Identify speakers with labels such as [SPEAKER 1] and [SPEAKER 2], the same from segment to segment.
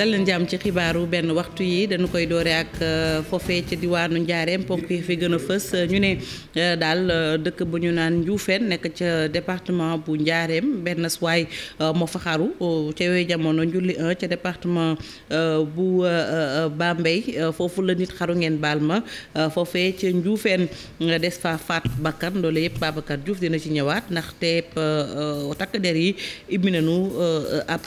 [SPEAKER 1] dal leen ci xibaaru benn waxtu yi dañu koy doore ak euh, foofee ci diwaanu Njaareem ponk yi fi gën a fës ñu ne euh, daal euh, dëkk bu ñu naan Njuufeen nekk ca département bu Njaareem benn suwaay moo fa xaru ca yooyu jamono njulli 1 ca département bu Bambey foofu la nit xaru ngeen baal ma foofee ca Njuufeen des fa faat bakkan loolu yëpp Babacar Diouf dina ci ñëwaat ndaxte takk der yi ibbi nañu ab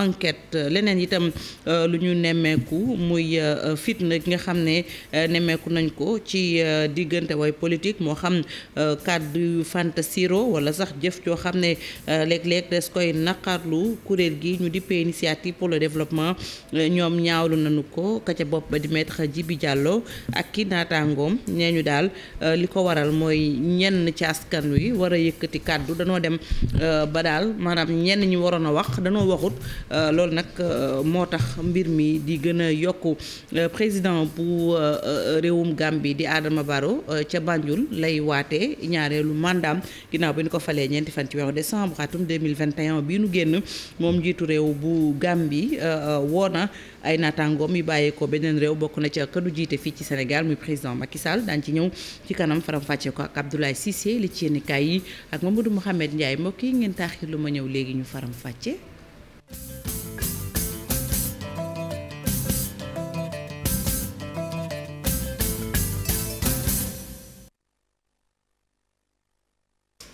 [SPEAKER 1] enquête leneen itam Euh, lu ñu nemmeeku muy euh, fitna gi nga xam ne euh, nemmeeku nañ ko ci diggante way politique moo xam kaddu yu fantasiro wala sax jëf joo xam ne léeg-léeg des koy naqarlu kuréel gi ñu dippee initiative pour le développement ñoom ñaawlu nañu ko ka ca bopp ba di maître Djibi jàlloo ak ki naataangoom nee ñu daal li ko waral mooy ñenn ci askan wi war a yëkkati kàddu danoo dem ba daal maanaam ñenn ñi waroon a wax danoo waxut loolu nag moo tax mbir mi di gën a yokk euh, président bu euh, euh, réewum Gambie di Adama Barrow ca Banjul lay waatee ñaareelu mandaam ginnaaw bi nu ko falee ñeenti fan ci weeru décembre atum 2021 bii nu génn moom njiitu réew bu Gambie woo na ay naataangoom yu bàyyeekoo beneen réew bokk na ca këdu jiite fii ci Sénégal muy président Macky Sall daan ci ñëw ci kanam faram-fàcce ko ak Abdoulaye Cissé li ci yenn kaay yi ak Mamadou Mouhamed Ndiaye mbokk yi ngeen taaxir lu ma ñëw léegi ñu faram-fàcce.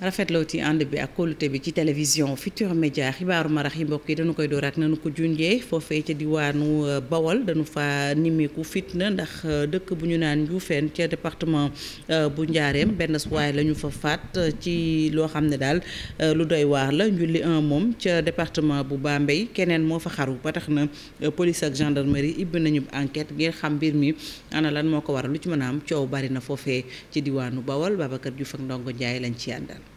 [SPEAKER 1] rafetloo ci ànd bi ak kóolute bi ci télévision Futur Média xibaaru marax yi mbokk yi dañu koy door ak nanu ko junjee foofee ca diwaanu euh, Bawol dañu fa nimiku fitna ndax euh, dëkk bu ñu naan Ndioufène ca département euh, bu Njaareem benn suwaay la ñu fa faat ci loo xam ne daal lu doy waar la njulli un moom ca département bu Bambey keneen moo fa xaru ba tax na police ak gendarmerie ibbi nañu enquête ngir xam mbir mi ana lan moo ko waral lu ci mën a am coow bari na foofee ci diwaanu Bawol Babacar Diouf ak Ndongo Ndiaye lañ ci àndal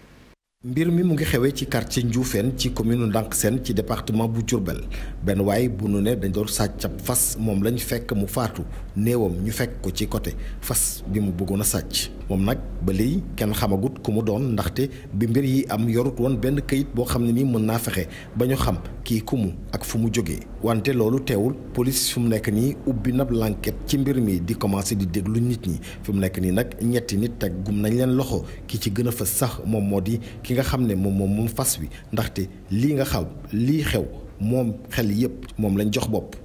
[SPEAKER 2] mbir mi mu ngi xewee ci quartier Ndioufène ci commune Ndank seen ci département bu Diourbel benn waay bu nu ne dañ doon sàcc ab fas moom lañ fekk mu faatu néewam ñu fekk ko ci côté fas bi mu bëggoon a sàcc moom nag ba kenn xamagut ku mu doon ndaxte bi mbir yi am yorut woon benn kayit boo xam ne nii mën naa fexe ba ñu xam kii ku mu ak fu mu jógee wante loolu teewul police fi mu nekk nii ubbi na l'enquête ci mbir mi di commencé di déglu nit ñi fi mu nekk nii nag ñetti nit teg gum nañ leen loxo ki ci gën a fës sax moom moo di ki nga xam ne moom moom moom fas wi ndaxte lii nga xam lii xew moom xel yépp moom lañ jox bopp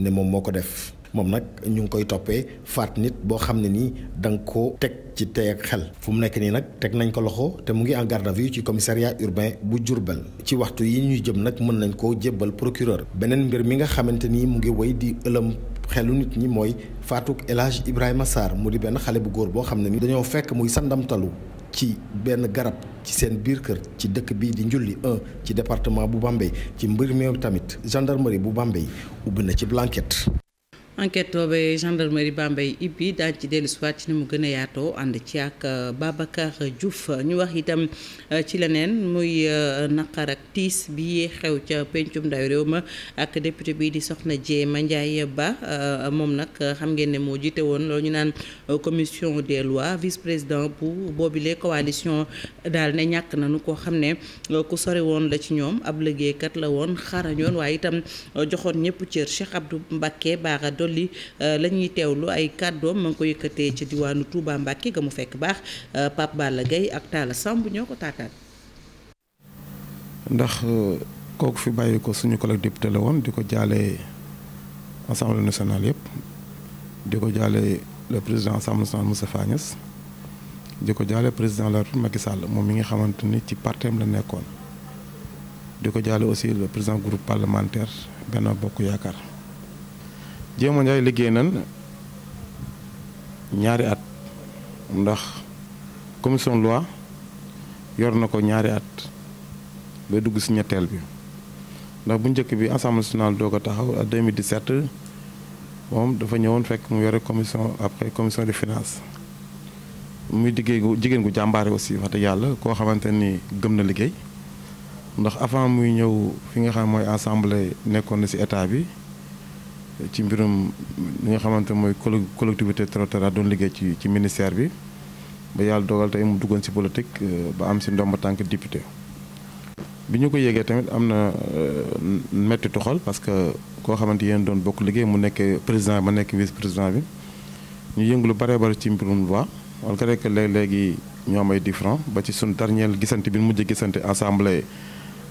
[SPEAKER 2] ne moom moo ko def moom nag ñu ngi koy toppee faat nit boo xam ne nii da ko teg ci tey ak xel fu mu nekk nii nag teg nañ ko loxo te mu ngi en garde à vue ci commissariat urbain bu Diourbel ci waxtu yi ñuy jëm nag mën nañ koo jébbal procureur beneen mbir mi nga xamante ni mu ngi woy di ëlëm xelu nit ñi mooy faatuk El Hadj Ibrahima Sarr mu di benn xale bu góor boo xam ne ni dañoo fekk muy sandamtalu ci benn garab ci seen biir kër ci dëkk bi di njulli 1 ci département bu Bambey ci mbir mi tamit gendarmerie bu Bambey ubbi na ci blanquette
[SPEAKER 1] enquête boobee gendarmerie Bambey ibbi daan ci dellu siwaat ci ni mu gën a yaatoo ànd ci ak euh, Babacar Diouf ñu wax itam euh, ci leneen muy euh, naqar ak tiis bi xew ca pencum ndaw réew ma ak député bii di soxna Diema Ndiaye Ba moom nag xam ngeen ne moo jiite woon loolu ñu naan commission des lois vice président bu boobile coalition daal ne ñàkk nañu koo xam ne ku sori woon la ci ñoom ab liggéeykat la woon xarañoon waaye itam joxoon ñëpp cër Cheikh Abdou Mbacké Bara dolli euh, la ñuy teewlu ay kàddoom ma ngi ko yëkkatee ci diwaanu Touba Mbacke ga mu fekk baax euh, Pape Balla Gueye ak Talla Samb ñoo ko taataan.
[SPEAKER 3] ndax euh, kooku fi bàyyi ko suñu collègue député la woon di ko jaale assemblée national yëpp di ko jaale le président assemblée nationale Moustapha Niasse di ko jaale président la République Macky Sall moom mi ngi xamante ci partem la nekkoon di ko jaale aussi le président groupe parlementaire Benno Bokk Yaakaar. Jéema Njaay liggéey nan ñaari at ndax commission loi yor na ko ñaari at ba dugg ci ñetteel bi ndax bu njëkk bi assemblée nationale doo ko taxaw à 2017 moom dafa ñëwoon fekk mu yore commission après commission di finance muy liggéey gu jigéen ku jàmbaare aussi wax dëgg yàlla koo xamante ni gëm na liggéey ndax avant muy ñëw fi nga xam mooy assemblée nekkoon na ci état bi. ci mbirum li nga xamante mooy collectivité territoriale doon liggéey ci ci ministère bi ba yàlla dogal tey mu duggoon ci politique euh, ba am si ndomba tànk député bi ñu ko yéegee tamit am na euh, metti toxal parce que koo xamante yéen doon bokk liggéey mu nekk président ma nekk vice président bi ñu yëngu lu bare bare ci mbirum loi malgré que léeg-léegi ñoo am ay différend ba ci suñu dernier gisante bi mujj gisante assemblée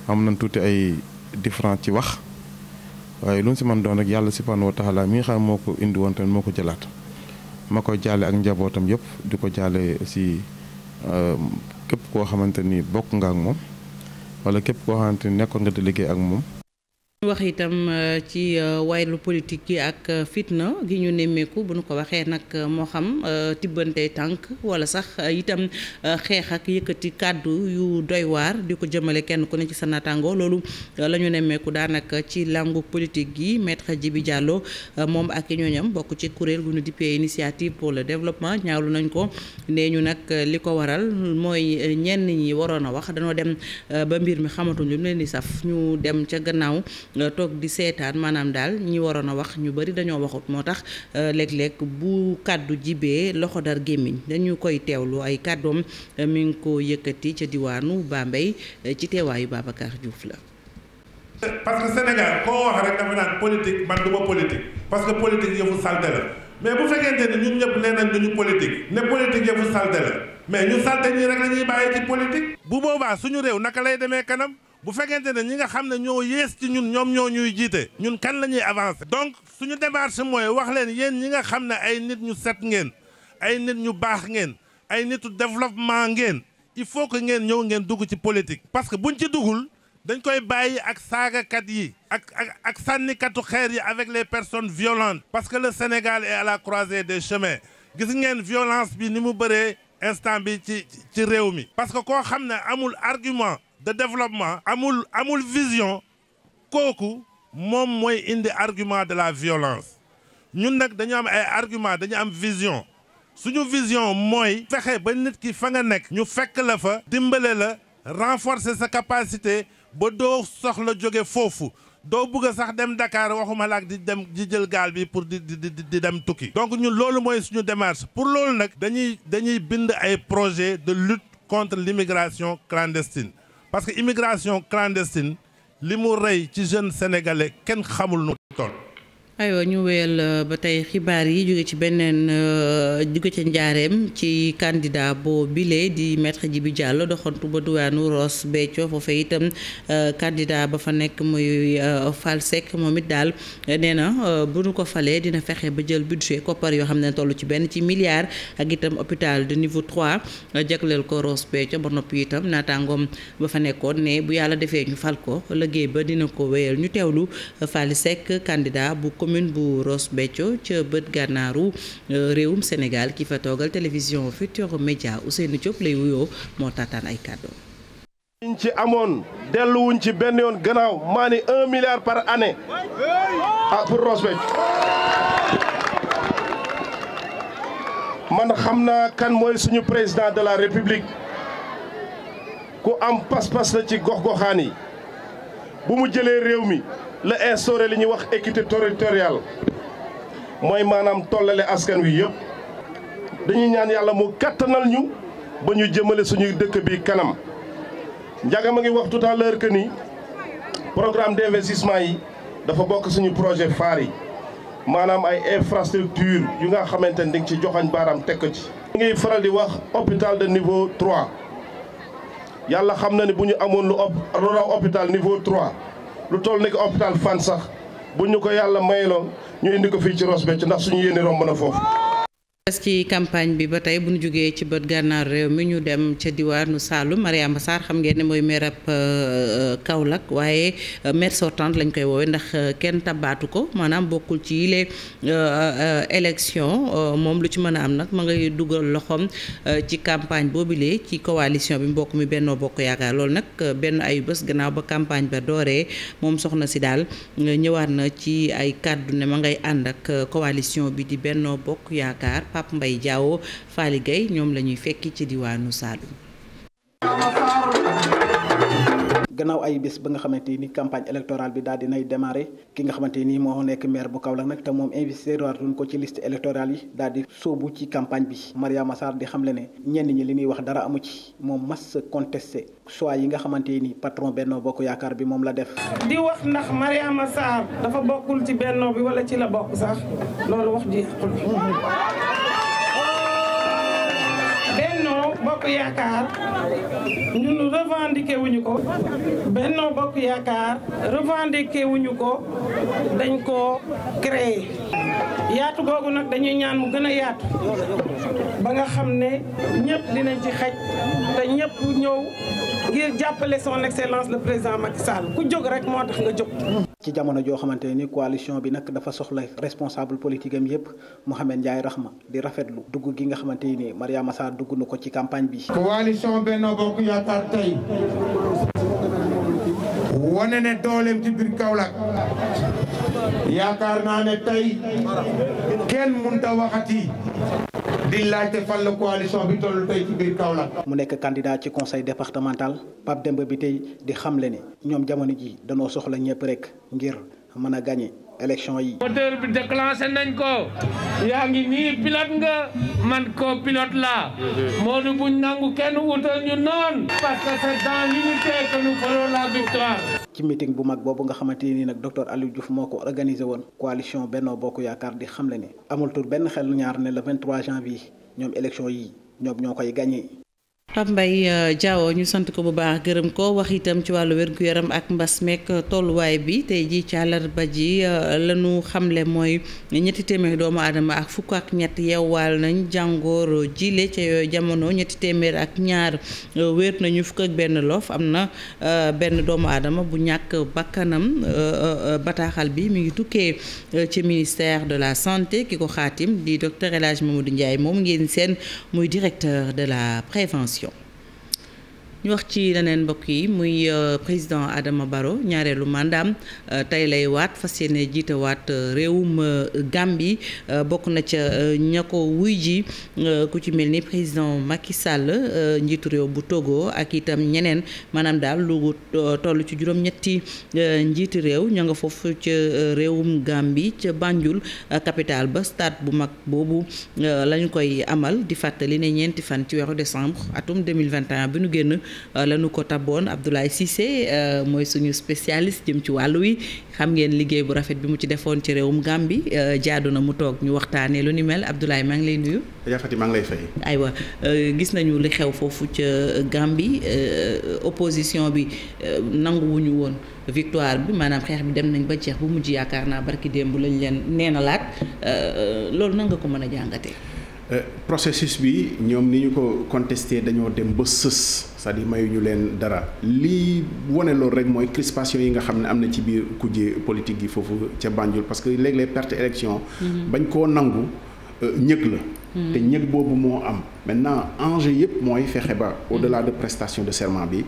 [SPEAKER 3] am nañ tuuti ay différend ci wax waaye lu mu si man doon rek yàlla subhaanahu wa taala mi nga xam moo ko indi woon tamit moo ko jëlaat ma koy jaale ak njabootam yëpp di ko jaale si euh, képp koo xamante ni bokk nga ak moom wala képp koo xamante ni nekkoon nga di liggéey ak moom
[SPEAKER 1] wax itam euh, ci euh, waylu politique yi ak euh, fitna gi ñu nemmeeku bu nu ko waxee nag moo xam tibbante tànk wala sax yitam xeex ak yëkkati kàddu yu doy waar di ko jëmale kenn ku ne ci sa naataango loolu la ñu nemmeeku daanaka ci làngu politique gi ji bi Diallo moom ak i ñooñam bokk ci kuréel gu nu dippee initiative pour le développement ñaawlu nañ ko nee ñu nag li ko waral mooy ñenn ñi waroon a wax dañoo dem ba mbir mi xamatul lu leen di saf ñu dem ca gannaaw. Euh, toog di seetaan maanaam daal ñi waroon a wax ñu bari dañoo waxut moo tax euh, léeg-léeg bu kàddu jibee loxo dar gémmiñ dañu koy teewlu ay kàddoom euh, mi ngi ko yëkkati ca diwaanu Bambey ci teewaayu Babacar Diouf la.
[SPEAKER 4] parce que Sénégal koo wax rek dafa naan politique man du ma politique parce yëfu salte la mais bu ñu salte ñi rek la bàyyi ci politique. bu boobaa suñu réew naka lay demee kanam. bu fekkente ne ñi nga xam ne ñoo yées ci ñun ñoom ñoo ñuy jiite ñun kan la ñuy avancer. donc suñu démarche mooy wax leen yéen ñi nga xam ne ay nit ñu set ngeen ay nit ñu baax ngeen ay nitu développement ngeen il faut que ngeen ñëw ngeen dugg ci politique. parce que bu buñ ci duggul dañ koy bàyyi ak saagakat yi. ak ak ak sànnikatu xeer yi avec les personnes violentes. parce que le Sénégal est à la croisée des chemins gis ngeen violence bi ni mu bëree instant bi ci ci réew mi. parce que koo xam ne amul argument. de développement amul amul vision kooku moom mooy indi argument de la violence ñun nag dañu am ay argument dañu am vision suñu vision mooy fexe ba nit ki fa nga nekk ñu fekk la fa dimbale la renforcer sa capacité ba doo soxla jóge foofu doo bëgg sax dem Dakar waxuma la di dem di jël gaal bi pour di dem tukki donc ñun loolu mooy suñu démarche pour loolu nag dañuy dañuy bind ay projet de lutte contre l'immigration clandestine parce que immigration clandestine li mu rey ci jeune sénégalais kenn xamul nu toll
[SPEAKER 1] aywa ñu wéyal euh, ba tey xibaar yi jóge ci beneen euh, jóge ca njaareem ci candidat boo bile di maître Djibi Diallo doxantu ba duwaanu Ross Béthio foofe itam euh, candidat ba fa nekk muy Fall Seck moom it daal nee na bu ko falee dina fexe ba jël budget koppar yoo xam ne toll ci benn ci milliard ak itam hôpital de niveau 3 jagleel ko Ross ba noppi itam naataangoom ba fa nekkoon ne bu yàlla defee ñu fal ko liggéey ba dina ko wéyal ñu teewlu Fall Seck candidat bu commune bu Ross Béthio ca bët gànnaaru euh, réewum Sénégal ki fa toogal télévision Futurs Médias Ousseynou Diop lay moo taataan ay kàddoom.
[SPEAKER 5] ci amoon delluwuñ ci benn yoon gannaaw maa ni par anné ah man xam naa kan mooy suñu président de la république ku am pas-pas la ci gox-goxaan yi bu mu jëlee réew mi. la instauré li ñuy wax équité territoriale mooy maanaam tollale askan wi yëpp dañuy ñaan yàlla mu kattanal ñu ba ñu jëmale suñuy dëkk bi kanam njagam a ngi wax tout à l'heure que ni programme d'investissement yi dafa bokk suñu projet phare yi maanaam ay infrastructure yu nga xamante ni di nga ci joxañ baaraam teg ci ñu ngi faral di wax hôpital de niveau 3 yàlla xam na ne bu ñu amoon lu raw hôpital niveau 3 lu toll ni ko hôpital Fann sax bu ñu ko yàlla mayeloon ñu indi ko fii ci Ross Béthio ndax suñu yéene romb na foofu
[SPEAKER 1] parce que campagne bi ba tey bu nu jógee ci bët gànnaar réew mi ñu dem ca diwaanu Saalum Mariama Sarr xam ngeen ne mooy maire ab euh, euh, waaye euh, maire sortante lañ koy woowee ndax kenn tabaatu ko maanaam bokkul ci yile élection moom lu ci mën a am nag ma ngay dugal loxoom ci campagne boobule ci coalition bi mbokk mi Benno Bokk Yaakaar loolu nag benn ayu bés gannaaw ba campagne ba dooree moom soxna si daal ñëwaat na ci ay kàddu ne ma ngay ànd ak coalition bi di Benno Pape Mbaye Diawo Faly ñoom la ñuy fekki ci diwaanu Saloum.
[SPEAKER 6] gannaaw ay bés ba nga xamante ni campagne électorale bi daal dinay démarré ki nga xamante ni moo nekk maire bu kaw la nag te moom investir waatuñ ko ci liste électorale yi daal di ci campagne bi Mariama Sarr di xamle ne ñenn ñi li ñuy wax dara amu ci moom mass contesté choix yi nga xamante ni patron Benno Bokk Yaakaar bi moom la def. di wax ndax Mariama Sarr dafa bokkul ci Benno bi wala bokk yaakaar ñun revendiqué wuñu ko Benno bokk yaakaar revendiqué wuñu ko dañ ko créer yaatu googu nag dañuy ñaan mu gën a yaatu ba nga xam ne ñëpp dinañ ci xaj te ñëpp ñëw ngir jàppale son excellence le président Macky Sall ku jóg rek moo tax nga jóg. ci jamono joo xamante ni coalition bi nag dafa soxla responsable politique am yëpp Mouhamed Ndiaye Rahma di rafetlu dugg gi nga xamante ni Mariama saa dugg na ko ci campagne bi. coalition
[SPEAKER 3] Benno Bokk Yaakaar tey
[SPEAKER 6] wane ne dooleem ci biir Kaolack. yaakaar naa ne tey kenn mënta waxati di laajte la coalition bi toll tey ci biir Kaolack. mu nekk candidat ci conseil départemental Pape Demba bi tey di xamle ni ñoom jamono ji danoo soxla ñëpp rek ngir mën a gagné élection yi.
[SPEAKER 3] moteur bi déclenché nañ ko yaa ngi nii pilote nga man ko pilote la moo di buñ nangu kenn wutal ñu noon parce que c'est dans l'unité que nous ferons la victoire.
[SPEAKER 6] ci meeting bu mag boobu nga xamante ni nag docteur Aliou Diouf moo ko organisé woon coalition Benno Bokk Yaakaar di xamle ne amul tur benn xel ñaar ne le 23 bi ñoom élection yi ñoom ñoo koy gagné.
[SPEAKER 1] Pape Mbaye euh, Diawo ñu sant ko bu baax gërëm koo wax itam ci wàllu wérgu yaram ak mbas meek tolluwaay bi tey jii ci àllarba ji euh, la ñu xamle mooy ñetti téeméer doomu aadama ak fukk ak ñett yeewaal nañ jàngoor jile ca jamono ñetti téeméer ak ñaar euh, wéer nañu fukk ak benn lof am na benn doomu aadama bu ñàkk bakkanam bataaxal bi mu ngi tukkee ci ministère de la santé ki ko xaatim di docteur El Hadj Mamadou Ndiaye moom ngeen seen muy directeur de la prévention. ñu wax ci leneen mbokk yi muy euh, président Adama baro ñaareelu mandaam euh, tey lay waat fas yéene jiita waat euh, réewum Gambie bokk na ca ña ko wuy ji ku ci mel ni président Macky Sall njiitu réew bu Togo ak itam ñeneen maanaam daal lu toll ci juróom-ñetti njiitu réew ña nga foofu ca réewum Gambie ca Banjul capitale ba stade bu mag boobu lañu koy amal di fàttali ne ñeenti fan ci weeru décembre atum 2021 bi nu génn Euh, lañu ko taboon Abdoulaye Cissé euh, mooy suñu spécialiste jëm ci wàll wi xam ngeen liggéey bu rafet bi mu ci defoon ci réewum Gàmbi euh, jaadu na mu toog ñu waxtaanee lu ni mel Abdoulaye maa ngi lay nuyu.
[SPEAKER 7] Faty maa ngi lay fay.
[SPEAKER 1] aywa gis nañu li xew foofu ca Gàmbi opposition bi nanguwuñu woon victoire bi maanaam xeex bi dem nañ ba jeex bu mujj yaakaar naa barki démb lañ leen neenalaat loolu nan nga ko mën a jàngatee.
[SPEAKER 7] Euh, processus bi ñoom ni ñu ko contesté dañoo dem ba sës c'est-à-dire mayuñu leen dara lii wane loolu rek mooy crispation yi nga xam ne am na ci biir kujje politique yi foofu ca Banjul parce que léeg-léeg perte élection mhm. bañ koo nangu euh, ñëg la mhm. te ñëg boobu moo am maintenant enjeu yëpp mooy fexe ba mhm. au-delà de prestation de serment bi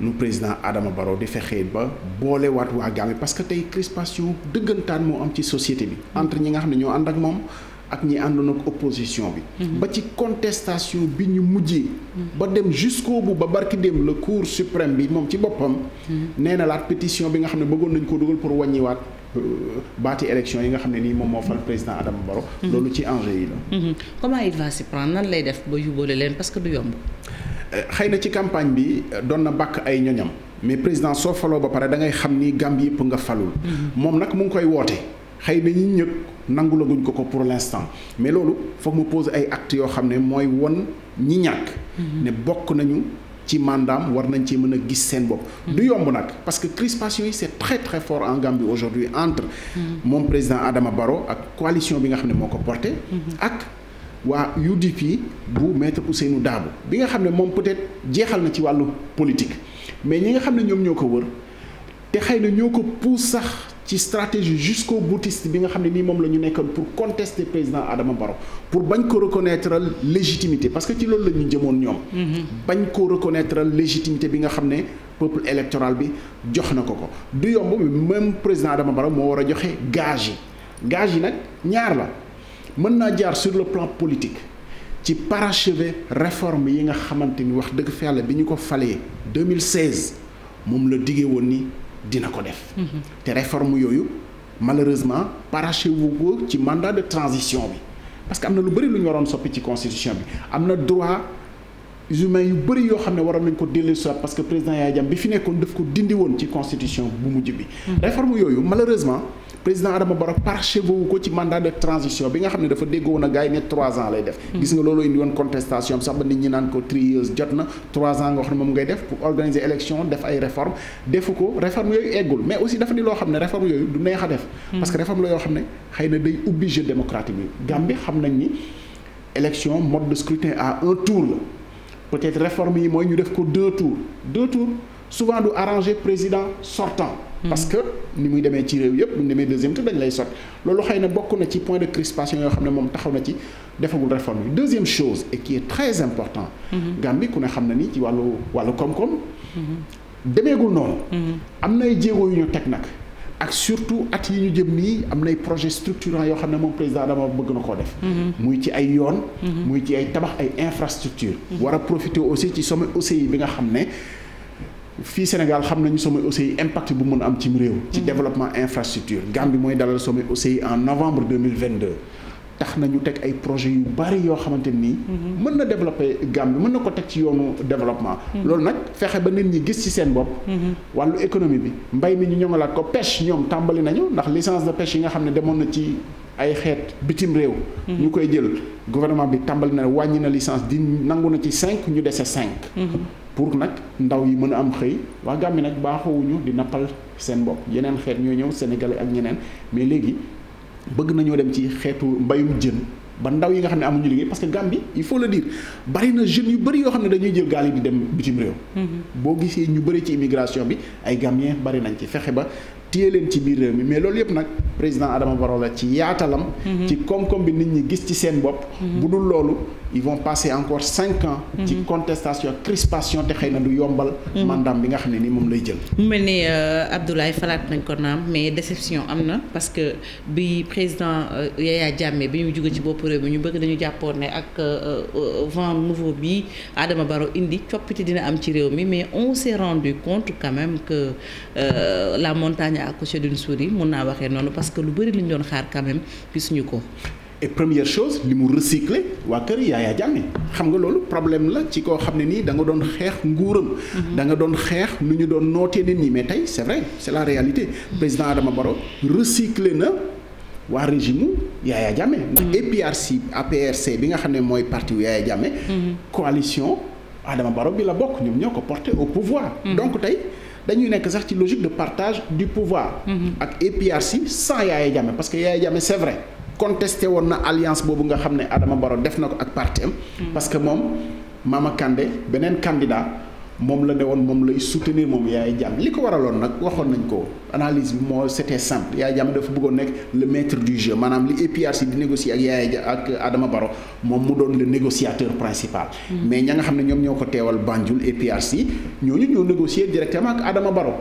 [SPEAKER 7] nu président aadama Barrow di fexe ba boolewaat waa Gambie parce que tey crispation dëggantaan moo am ci société bi entre ñi nga xam ne ñoo ànd ak moom ak ñi àndoon ak opposition bi. Mhm. ba ci contestation bi ñu mujjee. Mhm. ba dem jusqu'au bout ba barki dem le cour suprême bi moom ci boppam. Mhm. nee na laat pétition bi nga xam ne bëggoon nañ ko dugal pour wàññiwaat. Euh, baati élection yi nga xam ne nii moom moo fal président Adama Barrow. loolu ci enjeu yi la.
[SPEAKER 1] comment il va s'y prendre nan lay def ba yóbboole leen parce que du yomb.
[SPEAKER 7] Euh, xëy na ci campagne bi euh, doon na bàkk ay ñoñam mais président soo faloo ba pare da ngay xam ni Gambie yëpp nga falul. moom nag mu ngi koy woote. xëy na ñi ñëg nangulaguñ ko ko pour l'instant mais loolu foog mu pose ay actes yoo xam ne mooy won ñi ñàkk mm-hmm. ne bokk nañu ci mandaam war nañ ci mën a gis seen bopp mm-hmm. du yomb nag parce que crispation yi c'est très très fort en Gambie aujourd'hui entre mm-hmm. moom président Adama Barrow ak coalition bi nga xam ne moo ko porté ak waa UDP bu maître Ousseynou Dabo bi nga xam ne moom peut-être jeexal na ci wàllu politique mais ñi nga xam ne ñoom ñoo ko wër te xëy na ñoo ko puus sax ci stratégie jusqu'au boutiste bi nga xam ne nii moom la ñu nekkoon pour contester président Adama Barrow pour bañ ko reconnaître légitimité parce que ci loolu la ñu jëmoon ñoom. Mm-hmm. bañ ko reconnaître légitimité bi nga xam ne peuple électoral bi jox na ko ko du yomb même président Adama Barrow moo war a joxe gage yi gage yi nag ñaar la mën naa jaar sur le plan politique. ci parachever réforme yi nga xamante ni wax dëgg fa yàlla bi ñu ko falee 2016 moom la diggee woon ni dina ko def. te réforme yooyu malheureusement parachevé wu ko ci mandat de transition bi parce que am na lu bëri lu ñu waroon soppi ci constitution bi am na droit. humains yu bëri yoo xam ne waroon nañ ko dellusiwaat parce que président Yaya Jammeh bi fi nekkoon daf ko dindi woon ci constitution bu mujj bi. Mm-hmm. réforme yooyu malheureusement président Adama Barrow parachevé wu ko ci mandat de transition bi nga xam ne dafa déggoo woon a gars ne trois ans lay def. Mm-hmm. gis nga loolu indi woon contestation sax ba nit ñi naan ko three years jot na trois ans nga xam ne moom ngay def pour organiser élection def ay réforme peut-être réforme yi mooy ñu def ko deux tours deux tours souvent du arranger président sortant. Hmm. parce que ni muy demee ci réew yëpp bu ñu demee deuxième tour dañ lay sotti loolu xëy na bokk na ci point de crispation yoo xam ne moom taxaw na ci defagul réforme yi deuxième chose et qui est très important. Hmm. Gambie ku ne xam na ni ci wàllu wàllu koom-koom. Hmm. demeegul noonu. am nay jéego yu ñu teg nag. ak surtout at yi ñu jëm nii am nay projet structurant yoo xam ne moom président dama bëgg na koo def mhm. muy ci ay yoon mhm. muy ci ay tabax ay infrastructure mhm. war a profiter aussi ci sommet aussi bi nga xam ne fii Sénégal xam nañu sommet OCI impact bu mën a am ci réew ci développement infrastructure Gambie mooy dalal sommet aussi en novembre 2022 tax na ñu teg ay projets yu bari yoo xamante nii mhm. mën na développer Gambie mën na ko teg ci yoonu développement mhm. loolu nag fexe ba nit ñi gis ci seen bopp mhm. wàllu économie bi mbay mi ñu ñoŋalaat ko pêche ñoom tàmbali nañu ndax licence de pêche yi nga xam ne demoon na ci ay xeet bitim réew ñu koy jël gouvernement bi tàmbali na wàññi na licence di nangu na ci cinq ñu dese cinq pour nag ndaw yi mën a am xëy waa Gàmbi nag wuñu di nappal seen bopp yeneen xeet ñoo ñëw sénégalais ak ñeneen mais bëgg nañoo dem ci xeetu mbayum jën ba ndaw yi nga xam ne amuñu liggéey parce que Gambie il faut le dire bari na jeunes yu bëri yoo xam ne dañuy jël gaal yi di dem bitim réew. Mm-hmm. boo gisee ñu bëri ci immigration bi ay Gambiens bari nañ ci fexe ba téye leen ci biir réew mi mais loolu yëpp nag président Adama Barrow la ci yaatalam. Mm-hmm. ci koom-koom bi nit ñi gis ci seen bopp. Mm-hmm. bu dul loolu ils vont passer encore cinq ans. Mm-hmm. ci contestation crispation te xëy na du yombal. mandat bi nga xam ne ni moom lay jël.
[SPEAKER 1] mu mel ni euh, Abdoulaye falaat nañ ko naam mais déception am na parce bi président euh, Yaya Jammeh bi ñu jóge ci bopp réew mi ñu bëgg dañu jàppoon ne ak euh, vent nouveau bi Adama Barrow indi coppite dina am a accouché d'une souris mun naa waxee noonu parce lu bëri li doon xaar quand gisuñu ko.
[SPEAKER 7] et première chose li mu recycler waa kër Yaya Jammeh xam nga loolu problème la ci koo xam ne nii da nga doon xeex nguuram. Mhm. da nga doon xeex nu ñu doon nootee nit nii mais tey c'est vrai c'est la réalité mhm. président Adama Barrow recycler na. waa régime Yaya Jammeh mhm. ndax APRC APRC bi nga xam ne mooy parti wu Yaya Jammeh coalition Adama Barrow bi la bokk ñoom ñoo ko porté au pouvoir donc dañuy nekk sax ci logique de partage du pouvoir. Mhm. ak APRC sans Yaya Jammeh parce que Yaya Jammeh c'est vrai contesté woon na alliance boobu nga xam ne Adama Barrow def na ko ak parti am. Mhm. parce que moom Mama Kandé beneen candidat. moom la ne woon moom lay soutenir moom Yaya Jammeh li ko waraloon nag waxoon nañ ko analyse bi moo c'était simple yaay Jammeh dafa bëggoon nekk le maître du jeu maanaam li APRC di négocier ak Yaya ak Adama Barrow moom mu doon le négociateur principal. Hmm. mais ña nga xam ne ñoom ñoo ko teewal Banjul APRC ñooñu ñoo négocier directement ak Adama Barrow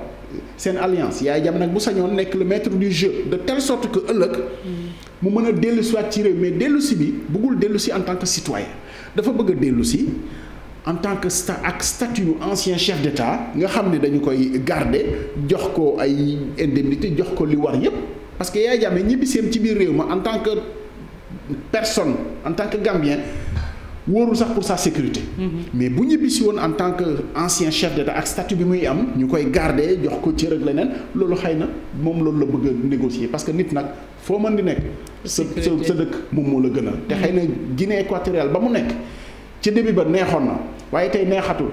[SPEAKER 7] seen alliance Yaya Jammeh nag bu sañoon nekk le maître du jeu de telle sorte que ëllëg. Hmm. mu mën a dellu si waat mais dellu si bi bëggul dellu si en tant que citoyen dafa bëgg a dellu si. en tant que sta ak statut ancien chef d'État nga xam ni dañu koy garde jox ko ay indemnité jox ko li war yépp parce que Yaya Jammeh ñibbiseem ci biir réew ma en tant que personne en tant que Gambien wóorul sax pour sa sécurité. Mm-hmm. mais bu ñibbisi woon en tant que ancien chef d'État ak statut bi muy am ñu koy garder jox ko cër ak leneen loolu xëy na moom loolu la bëgg a négocier parce que nit nag foo mën di nekk. sa sa dëkk moom moo la gënal. te xëy na Guinée équatoriale ba mu nekk ci début ba neexoon na. waaye tey neexatul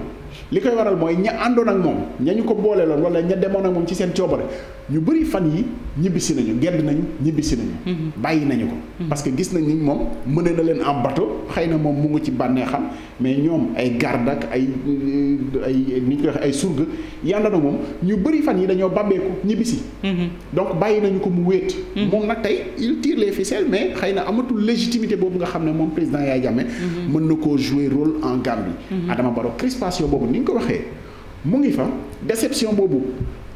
[SPEAKER 7] li koy waral mooy ña àndoon ak moom ña ñu ko booleeloon wala ña demoon ak moom ci seen coobare ñu bëri fan yi ñibbisi nañu gedd nañu ñibbisi nañu. Mm-hmm. bàyyi nañu ko. Mm-hmm. parce que gis nañ ni moom mëne na leen en bateau xëy na moom mu ngi ci bànneexam mais ñoom ay garde ak ay ay ni ñu koy ay surga yàlla na moom ñu bëri fan yi dañoo bàmbeeku ñibbisi. Mm-hmm. donc bàyyi nañu ko mu wéet. moom nag tey il tire les ficelles mais xëy na amatul légitimité boobu nga xam ne moom président Yaya Jammeh mën na koo jouer rôle en Gambie. Adama Barrow crispation boobu ni nga ko waxee mu ngi fa déception boobu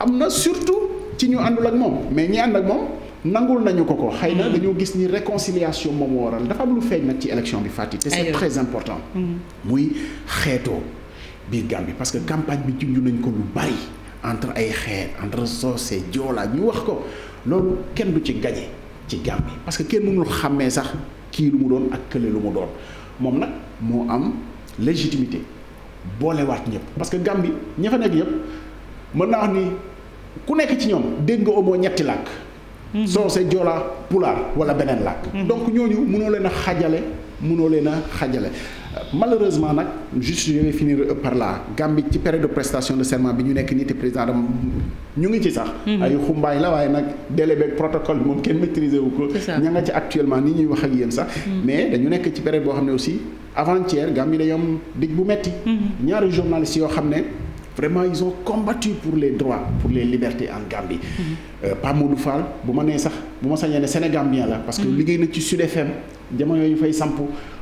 [SPEAKER 7] am na surtout ci ñu àndul ak moom mais ñi ànd ak moom nangul nañu ko ko xëy na mm-hmm. dañoo gis ni réconciliation moom waral dafa lu feeñ nag ci élection bi fàtti te c'est très important mm-hmm. muy xeetoo biir Gambie parce que campagne bi junj nañ ko lu bari entre ay xeet entre soose joola ñu wax ko loolu kenn du ci gañe ci Gambie parce que kenn mënul xàmmee sax kii lu mu doon ak kële lu mu doon moom nag moo am légitimité boolewaat ñëpp parce que Gambie ña fa nekk yëpp mën naa wax ni ku nekk ci ñoom dégg nga au moins ñetti làkk. Mhm. soose joola pulaar wala beneen làkk. Mhm. donc ñooñu mënoo leen a xajale mënoo leen a xajale. malheureusement nag juste je finir par là Gambie ci période de prestation de serment bi ñu nekk nii président dama ñu ngi ci sax. Mhm. ay xumbaay la waaye nag délai beeg moom kenn maîtriser wu ko. ña ci actuellement ni ñuy wax ak yéen sax. mais dañu nekk ci période ne aussi. avant-hier Gambie dañoo am dig bu metti mhm. ñaari journalistes yoo xam ne vraiment ils ont combattu pour les droits pour les libertés en Gambie. Mhm. Euh, Pape Modou bu ma nee sax bu ma sañee ne Sénégambien la. parce que mhm. liggéey na ci Sud FM jamono yooyu fay samp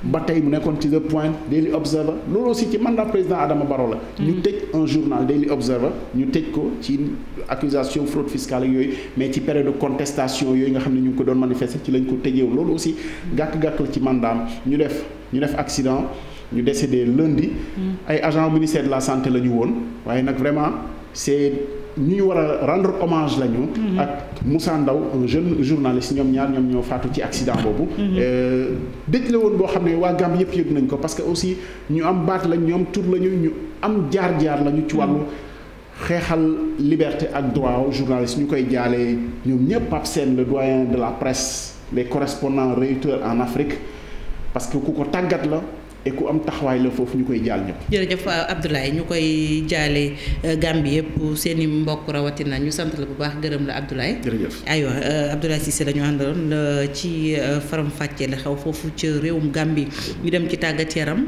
[SPEAKER 7] ba tey bu nekkoon ci The Point Daily Observer loolu aussi ci mandat président Adama Barrow la. ñu tëj un journal Daily Observer ñu tëj ko ci accusation fraude fiscale yooyu mais ci période contestation yooyu nga xam ne ñu ko doon manifester ci lañ ko tëjeew loolu aussi gàkk-gàkk la ci mandaam ñu def. ñu def accident ñu décédé lundi. Mm. ay agent ministère de la santé la ñu woon waaye nag vraiment c'est ñu ñu war a rendre hommage la ñu. Mm-hmm. ak Moussa Ndaw un jeune journaliste ñoom ñaar ñoom ñoo faatu ci accident boobu. Mm-hmm. Euh, dëj la woon boo xam ne waa Gambie yëpp yëg nañ ko parce que aussi ñu am baat la ñoom tur la ñu ñu am jaar-jaar lañu ci wàllu. Mm-hmm. xeexal liberté ak droit journaliste ñu koy jaalee ñoom ñëpp Pape seen le doyen de la presse les correspondants Reuters en Afrique parce que ku tàggat la et ku am taxawaay la foofu ñu koy jaal ñëpp.
[SPEAKER 1] jërëjëf Abdoulaye ñu koy jaale euh, Gambie yëpp seen i mbokk rawatina ñu sant la bu baax gërëm la Abdoulaye. jërëjëf aywa euh, Abdoulaye Cissé la ñu àndaloon euh, ci faram-fàccee la xew foofu ci réewum Gambie ñu dem ci tàggat yaram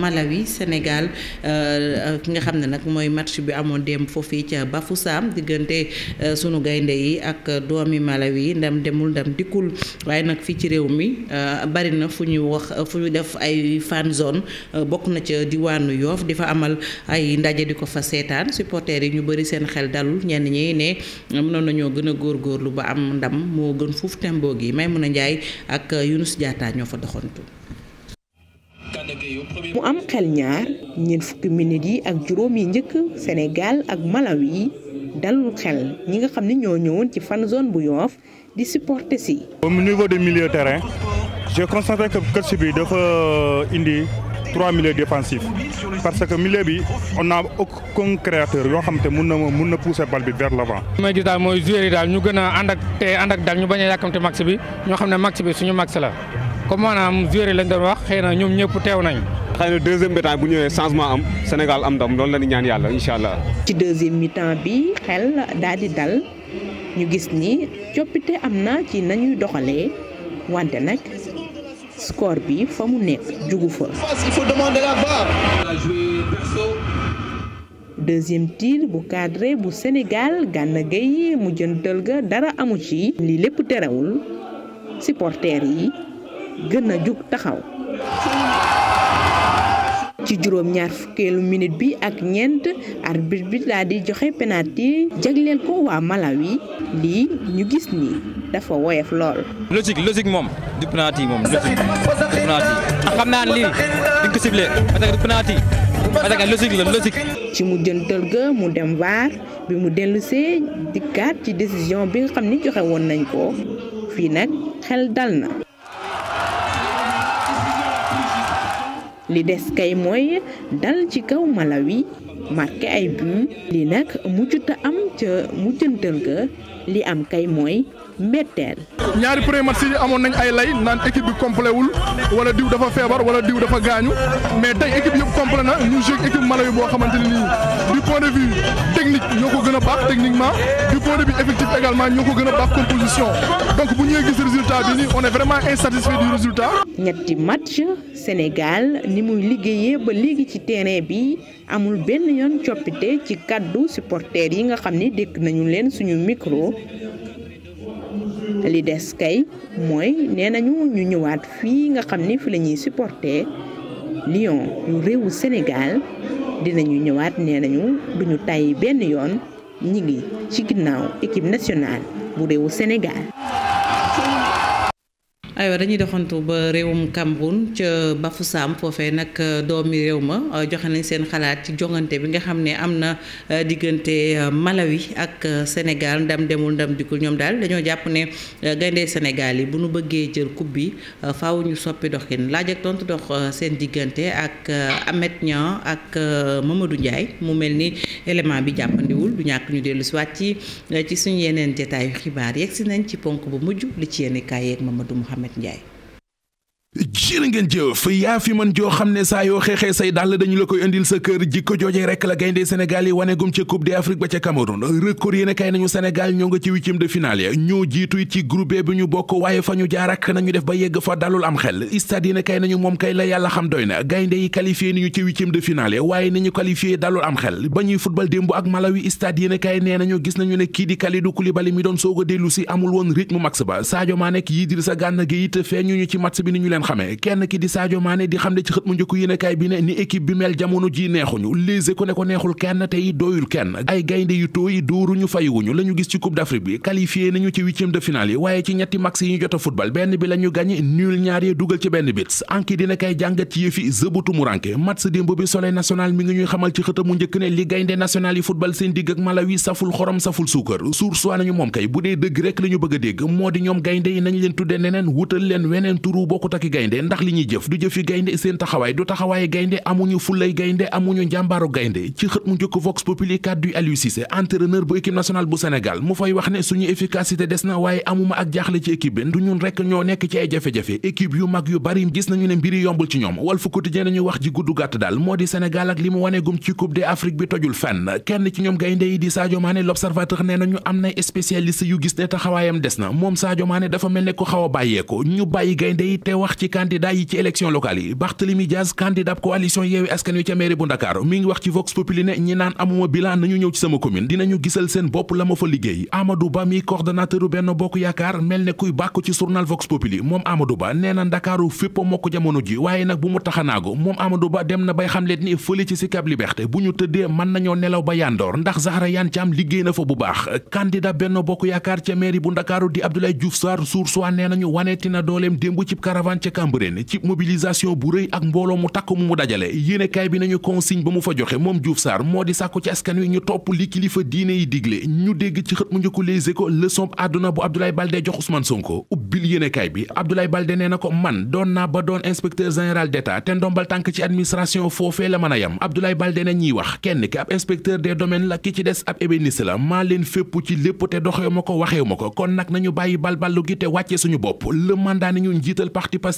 [SPEAKER 1] Malawi Sénégal ki nga xam ne nag mooy match bi amoon dem démb foofii ca Bafoussam diggante sunu gaynde yi ak doomi Malawi ndam demul ndam dikkul waaye nag fii ci réew mi bari fu ñu wax fu ñu def ay. fan zone euh, bokk na ca diwaanu Yoff di fa amal ay ndaje di ko fa seetaan supporters yi ñu bëri seen xel dalul ñenn ñi ne mënoon nañoo gën a góorgóorlu ba am ndam moo gën fuuf tembo gi Maimouna Ndiaye ak Younous Diatta ñoo fa doxantu.
[SPEAKER 8] mu am xel ñaar ñeent fukki minutes yi ak juróom yi njëkk Sénégal ak Malawi dalul xel ñi nga xam ne ñoo ñëwoon ci fan zone bu Yoff di supporter
[SPEAKER 5] j'ai constaté que coach bi dafa euh, indi trois milieux défensifs parce que milieu bi on a aucun créateur yoo xam te mun na mun na pousser bal bi vers l'avant.
[SPEAKER 2] li may gis daal mooy joueurs daal ñu gën a ànd ak te ànd ak ñu bañ yàkkamte max bi ñoo xam ne max bi suñu max la comme maanaam joueurs yi lañ doon wax xëy na ñoom ñëpp teew nañ xëy na deuxième mi bu ñëwee changement am Sénégal am ndam loolu la
[SPEAKER 3] ñaan yàlla incha allah.
[SPEAKER 8] ci deuxième mi-temps bi xel daal di dal ñu gis ni coppite am na ci nañuy doxalee wante nag. score bi fa nekk jugu fa. deuxième tir bu cadré bu Sénégal Gana Gueye mu jëntal ga dara amu ci. li lépp terewul supporters yi gën a jug taxaw. ci juróom ñaar fukkeelu minute bi ak ñeent arbitre bi laa di joxe penalty jagleel ko waa Malawi lii ñu gis nii. dafa woyof lool.
[SPEAKER 2] logique logique moom du penalty moom logique du penalty ah xam naa lii di ko ciblé parce que du penalty parce que logique la logique.
[SPEAKER 8] ci mu ga mu dem vaar bi mu dellusee dikkaat ci décision bi xam ni joxe woon nañ ko fii nag xel dal na. li des kay mooy dal ci kaw Malawi marqué ay but li nag mujjuta am ca mujjantal ga li am kay mooy. metteel
[SPEAKER 9] ñaari premier match yi amoon nañ ay lay naan équipe bi complet wul wala diw dafa feebar wala diw dafa gaañu mais tey équipe yëpp complet na ñu joué équipe Malawi boo xamante nii du point de vue technique ñoo ko gën baax techniquement du point de vue effectif également ñoo ko gën baax composition donc bu ñuy gis résultat bi nii on vraiment insatisfait du résultat.
[SPEAKER 8] ñetti match Sénégal ni muy liggéeyee ba léegi ci terrain bi amul benn yoon coppite ci kaddu supporters yi nga xam ni dékk nañu leen suñu micro. li des kay mooy nee nañu ñu ñëwaat fii nga xam ni fi lañuy ñuy supporter Lion yu réewu Sénégal dinañu ñëwaat nee nañu duñu tàyyi benn yoon ñi ngi ci ginnaaw équipe nationale bu réewu Sénégal.
[SPEAKER 1] aywa dañuy doxantu ba réewum Cameroun ca Bafoussam foofee nag euh, doomi réew ma euh, joxe nañ seen xalaat ci jongante bi nga xam ne am na euh, diggante Malawi ak Sénégal ndam demul ndam dikul ñoom daal dañoo jàpp ne gayndee Sénégal yi bu nu bëggee jël coupe bi faaw ñu soppi doxin laaj ak dox seen diggante ak Ahmed ña ak Mamadou Ndiaye mu mel ni élément bi jàppandiwul du ñàkk ñu dellu si ci ci suñu yeneen jataayu xibaar yegg si nañ ci ponk bu mujj li ci yéen kaay yeeg Mohamed Ndiaye
[SPEAKER 9] jërë ngeen jëf yaa fi man joo xam ne saa yoo xeexee say dàll dañu la koy indil sa kër jikko joojee rek la gaynde Sénégal yi wanegum ca Coupe d'Afrique ba ca Cameroun record yéen kay ñoo nga de finale ya ñoo jiitu ci groupe bi ñu bokk jaar ak nañu ba yegg fa dalul moom kay la yàlla xam doy na gaynde yi qualifié ni ñu ci huitième de ñu xel ba ñuy football démb ak Malawi stade yéen ne kii di Kalidou Koulibaly mi doon soog a dellu si amul ci match bi ni ñu leen xamee kenn ki di Sadio Mané di xam ne ci xët mu njëkk yéenekaay bi ne ni équipe bi mel jamono ji neexuñu lise ko ne ko neexul kenn te yi doyul kenn ay gaynde yu tooy dóoruñu fayuwuñu la ñu gis ci coupe d'Afrique bi qualifié nañu ci huitième de finale yi waaye ci ñetti max yi jot a football benn bi la ñu gàñe nul dugal ci benn bit anki dina kay jàngat ci yëfi zëbutu mu ranke match démb bi soleil national mi ngi ñuy xamal ci xët mu njëkk ne li gaynde national yi football seen digg ak Malawi a dégg moo ki gaynde ndax li ñuy jëf du jëfi gaynde seen taxawaay du taxawaaye gaynde amuñu fulay gaynde amuñu njàmbaaru gaynde ci xët mu njëkk Vox Populi kàddu Aliou Cissé entraîneur bu équipe nationale bu Sénégal mu fay wax ne suñu efficacité des na waaye amuma ak jaaxle ci équipe bi du ñun rekk ñoo nekk ci ay jafe-jafe équipe yu mag yu bari gis nañu ne mbiri yombul ci ñoom Walf Quotidien nañu wax ji gudd gàtt daal moo di Sénégal ak li mu wanee ci Coupe d'Afrique bi a ci candidat yi ci élection locale yi Barthélemy Diaz candidat coalition Yewwi Askan Wi ca mairie bu Ndakaaru mi ngi wax ci Vox Populi ne ñi naan amuma bilan nañu ñëw ci sama commune dinañu gisal seen bopp la ma fa liggéey Amadou Ba mi coordonnateur u Bokk Yaakaar mel ne kuy bàkku ci journal Vox Populi moom Amadou Ba nee na Ndakaaru fépp mokk jamono ji waaye nag bu mu taxanaago moom Amadou Ba dem na bay xam leen ni fële ci Sicap Liberté bu ñu tëddee mën nañoo nelaw ba yandoor ndax Zahra Iyane Thiam liggéey na fa bu baax candidat Benno Bokk Yaakaar ca mairie bu Ndakaaru di Abdoulaye ca Cambérène ci mobilisation bu rëy ak mbooloo mu takk mu mu dajale yéenekaay bi nañu consigne ba mu fa joxe moom Diouf Sarr moo di sàkku ci askan wi ñu topp li kilifa diine yi digle ñu dégg ci xët mu njëkku Les Échos leçon àdduna bu Abdoulaye Baldé jox Ousmane Sonko ubbil yéenekaay bi Abdoulaye Baldé nee na ko man doon naa ba doon inspecteur général d'État te ndombal tànk ci administration foofee la mën a yam Abdoulaye Baldé na ñiy wax kenn ki ab inspecteur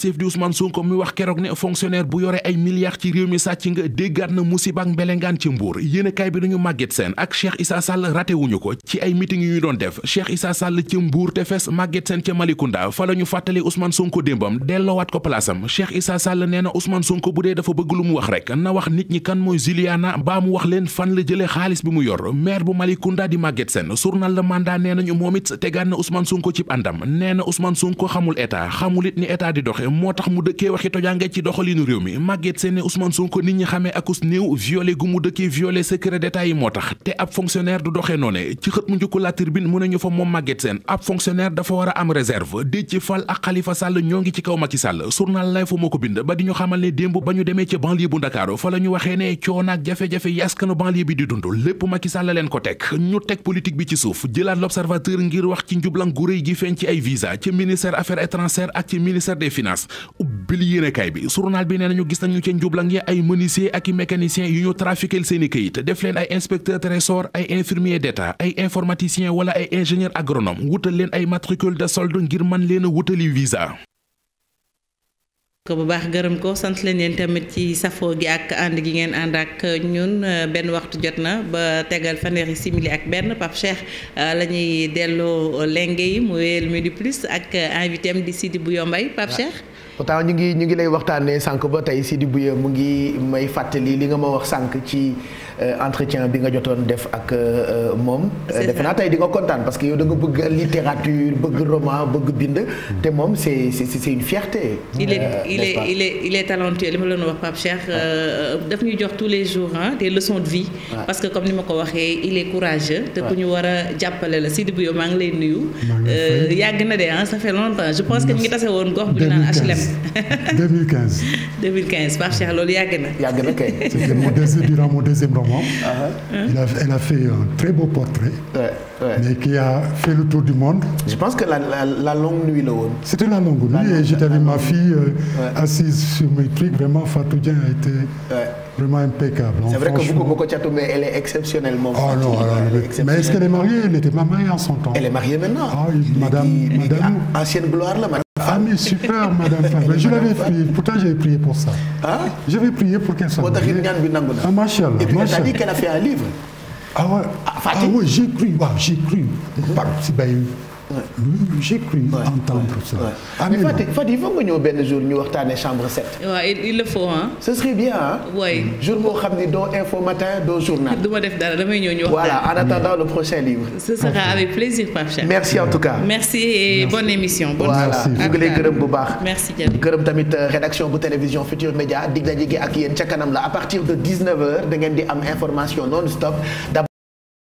[SPEAKER 9] Pastef di Ousmane Sonko mi wax keroog ne fonctionnaire bu yore ay milliards ci réew mi sàcc nga déggaat na musiba ak mbelengaan ci mbuur yéenekaay bi dañu Maguette Sène ak Cheikh Issa Sall raté wuñu ko ci ay meeting yu ñu doon def Cheikh Issa Sall ca Mbour te fes Maguette Sène ca Malicounda fa la ñu fàttali sun Sonko démbam delloowaat ko palaasam Cheikh Issa Sall nee na Ousmane Sonko bu dee dafa bëgg lu mu wax rek na wax nit ñi kan mooy Juliana baa mu wax leen fan la jëlee xaalis bi mu yor maire bu Malicounda di Maguette Sène journal Le Mandat nee nañu moom it tegaat na Ousmane Sonko cib àndam nee na Ousmane Sonko xamul état xamul di doxe moo tax mu dëkkee waxi tojange ci doxalinu réew mi Maguette Sène Ousmane Sonko nit ñi xamee akus néew violé gu mu dëkkee violé secret d'état yi moo tax te ab fonctionnaire du doxee noone ci xët mu njëkku la tribune mu ne ñu fa moom Maguette Sène ab fonctionnaire dafa war a am réserve Déthié Fall ak Khalifa Sall ñoo ngi ci kaw Macky Sall journal lay fa moo ko bind ba di ñu xamal ne démb ba ñu demee ci banlieue bu Ndakaaru fa ñu waxee ne coono ak di dund lépp Sall leen ko teg ñu teg politique bi ci suuf jëlaat l'observateur ngir wax ci njublan gu rëy gi visa ci ministère affaires étrangères ak ci ministère France ubbil yéenekaay bi journal bi nee nañu gis nañu ca njublang ya ay menuisier ak i mécanicien yu ñu trafiquel seen i këyit leen ay inspecteur trésor ay infirmier d'état ay informaticien wala ay ingénieur agronome wutal leen ay matricule de solde ngir man leen a wutali
[SPEAKER 1] ko bu baax gërëm ko sant leen yéen tamit ci safoo gi ak ànd gi ngeen ànd ak ñun benn waxtu jot na ba tegal fanweeri simili ak benn Pape Cheikh euh, la ñuy delloo lenge yi mu wéyal Midi Plus ak invité am di Sidi bu yombay Pape
[SPEAKER 6] pourtant ñu ngi ñu ngi lay waxtaanee sànq ba tey di Bouya mu ngi may fàttali li nga ma wax sànq ci. Euh, entretien bi nga jotoon def ak euh, euh, moom. defe naa tey di nga kontaan parce que yow da nga bëgg littérature
[SPEAKER 2] bëgg roman bëgg bind. Mm-hmm. te moom c'est c'est une fierté.
[SPEAKER 1] il est il est il est il li ma leen wax Pape Cheikh daf ñuy jox tous les jours ah des leçons de vie. parce que comme ni ma ko waxee il est courageux. te ku ñu war a jàppale la Sidi Bouyo maa ngi lay nuyu. yàgg na de ah sa fait longtemps je pense que ñu ngi tase woon gox bu ñu naan HLM. 2015 loolu yàgg na. yàgg na kay.
[SPEAKER 3] c'était moom. il a elle a fait un très beau portrait. mais qui a fait le tour du monde.
[SPEAKER 7] je pense que la la, la longue nuit la
[SPEAKER 3] c'était la longue nuit et j'étais avec ma fille euh, assise sur mes a été. vraiment impeccable. c'est vrai
[SPEAKER 2] mais elle ah, qu'elle est
[SPEAKER 3] mariée elle était mariée en son temps.
[SPEAKER 9] elle est mariée ah, madame madame ancienne gloire la. Ah, mais super madame Faye je l'avais prié pourtant j'ai
[SPEAKER 3] prié pour ça. ah je vais prier pour qu'elle soit. moo taxit ñaan bi nangu na. ah macha
[SPEAKER 9] allah
[SPEAKER 6] et puis t'as dit qu'elle a fait un
[SPEAKER 3] livre. ah ouais ah Fatick ah ouais j'ai cru waaw ah, j'ai cru. par si bay
[SPEAKER 6] j'ai cru entendre ça. Ah, mais Fatick foog nga ñëw benn jour ñu waxtaanee chambre 7.
[SPEAKER 7] waaw il le faut ah. ce serait bien ah. jour boo xam ne doo info matin doo journal. du
[SPEAKER 1] ma def dara damay ñëw ñu waxtaan. voilà en attendant le prochain
[SPEAKER 6] livre. ce sera avec
[SPEAKER 1] plaisir Pape Cheikh. merci en tout cas. ñu ngi lay gërëm bu baax.
[SPEAKER 6] merci jërëjëf gërëm tamit euh, rédaction bu télévision Futur Média dig daje gi ak yéen ca kanam la à partir de 19 di am information non
[SPEAKER 10] stop.